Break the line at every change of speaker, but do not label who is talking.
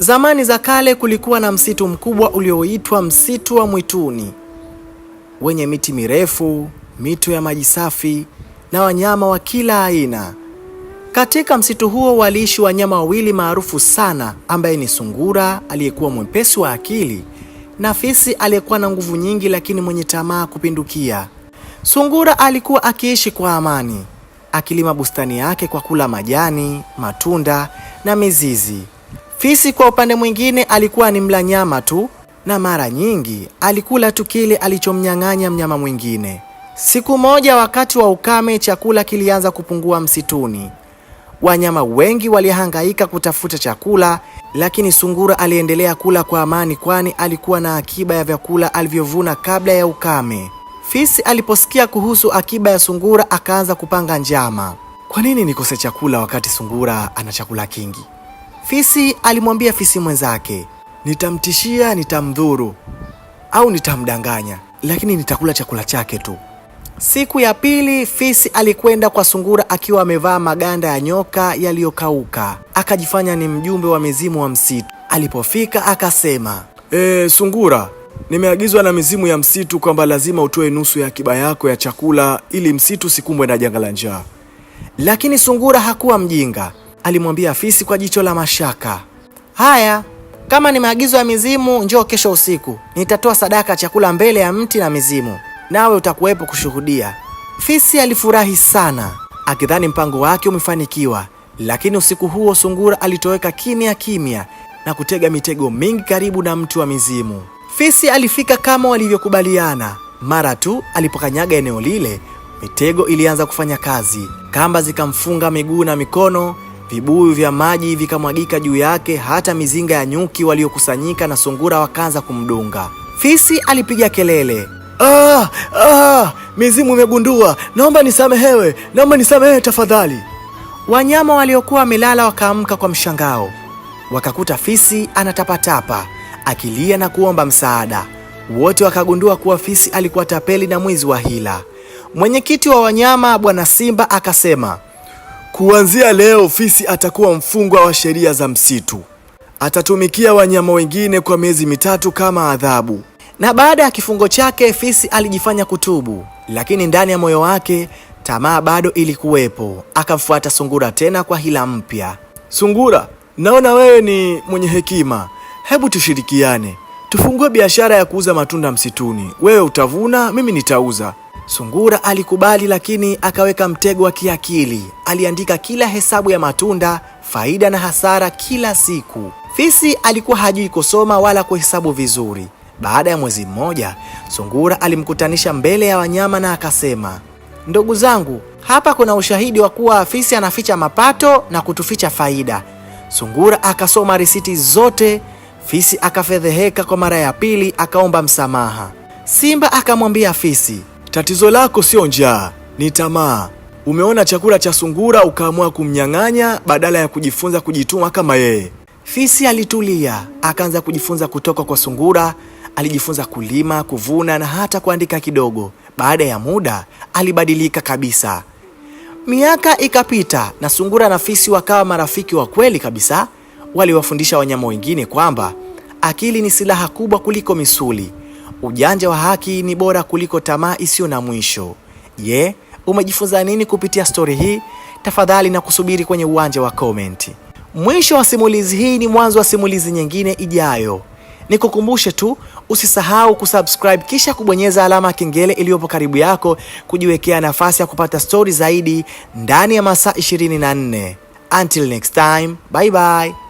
Zamani za kale kulikuwa na msitu mkubwa ulioitwa msitu wa mwituni wenye miti mirefu, mito ya maji safi na wanyama wa kila aina. Katika msitu huo waliishi wanyama wawili maarufu sana, ambaye ni sungura aliyekuwa mwepesi wa akili na fisi aliyekuwa na nguvu nyingi, lakini mwenye tamaa kupindukia. Sungura alikuwa akiishi kwa amani, akilima bustani yake kwa kula majani, matunda na mizizi Fisi kwa upande mwingine alikuwa ni mla nyama tu na mara nyingi alikula tu kile alichomnyang'anya mnyama mwingine. Siku moja wakati wa ukame, chakula kilianza kupungua msituni. Wanyama wengi walihangaika kutafuta chakula, lakini sungura aliendelea kula kwa amani, kwani alikuwa na akiba ya vyakula alivyovuna kabla ya ukame. Fisi aliposikia kuhusu akiba ya sungura, akaanza kupanga njama. Kwa nini nikose chakula wakati sungura ana chakula kingi? Fisi alimwambia fisi mwenzake, nitamtishia, nitamdhuru au nitamdanganya, lakini nitakula chakula chake tu. Siku ya pili fisi alikwenda kwa sungura akiwa amevaa maganda ya nyoka yaliyokauka, akajifanya ni mjumbe wa mizimu wa msitu. Alipofika akasema,
e, sungura, nimeagizwa na mizimu ya msitu kwamba lazima utoe nusu ya akiba yako ya chakula ili msitu sikumbwe na janga la njaa.
Lakini sungura hakuwa mjinga, alimwambia afisi kwa jicho la mashaka. Haya, kama ni maagizo ya mizimu, njoo kesho usiku, nitatoa sadaka chakula mbele ya mti na mizimu, nawe utakuwepo kushuhudia. Fisi alifurahi sana akidhani mpango wake umefanikiwa, lakini usiku huo sungura alitoweka kimya kimya na kutega mitego mingi karibu na mti wa mizimu. Fisi alifika kama walivyokubaliana. Mara tu alipokanyaga eneo lile, mitego ilianza kufanya kazi. Kamba zikamfunga miguu na mikono, Vibuyu vya maji vikamwagika juu yake, hata mizinga ya nyuki waliokusanyika na sungura wakaanza kumdunga. Fisi alipiga kelele, ah, ah, mizimu imegundua, naomba nisamehewe, naomba nisamehe tafadhali. Wanyama waliokuwa wamelala wakaamka kwa mshangao, wakakuta fisi anatapatapa akilia na kuomba msaada. Wote wakagundua kuwa fisi alikuwa tapeli na mwizi wa hila. Mwenyekiti wa wanyama Bwana Simba akasema Kuanzia leo fisi atakuwa mfungwa wa sheria za msitu. Atatumikia wanyama wengine kwa miezi mitatu kama adhabu. Na baada ya kifungo chake fisi alijifanya kutubu, lakini ndani ya moyo wake tamaa bado ilikuwepo. Akamfuata sungura tena kwa hila mpya. Sungura, naona wewe ni mwenye hekima, hebu tushirikiane, tufungue biashara ya kuuza matunda msituni. Wewe utavuna, mimi nitauza. Sungura alikubali, lakini akaweka mtego wa kiakili. Aliandika kila hesabu ya matunda, faida na hasara kila siku. Fisi alikuwa hajui kusoma wala kuhesabu vizuri. Baada ya mwezi mmoja, Sungura alimkutanisha mbele ya wanyama na akasema, ndugu zangu, hapa kuna ushahidi wa kuwa fisi anaficha mapato na kutuficha faida. Sungura akasoma risiti zote. Fisi akafedheheka kwa mara ya pili, akaomba msamaha. Simba akamwambia fisi, Tatizo lako sio njaa, ni tamaa. Umeona chakula cha sungura ukaamua kumnyang'anya badala ya kujifunza kujituma kama yeye. Fisi alitulia, akaanza kujifunza kutoka kwa sungura. Alijifunza kulima, kuvuna na hata kuandika kidogo. Baada ya muda, alibadilika kabisa. Miaka ikapita na sungura na fisi wakawa marafiki wa kweli kabisa. Waliwafundisha wanyama wengine kwamba akili ni silaha kubwa kuliko misuli. Ujanja wa haki ni bora kuliko tamaa isiyo na mwisho. Je, yeah, umejifunza nini kupitia stori hii? Tafadhali na kusubiri kwenye uwanja wa komenti. Mwisho wa simulizi hii ni mwanzo wa simulizi nyingine ijayo. Nikukumbushe tu usisahau kusubscribe kisha kubonyeza alama ya kengele iliyopo karibu yako kujiwekea nafasi ya kupata stori zaidi ndani ya masaa 24. Until next time, bye bye.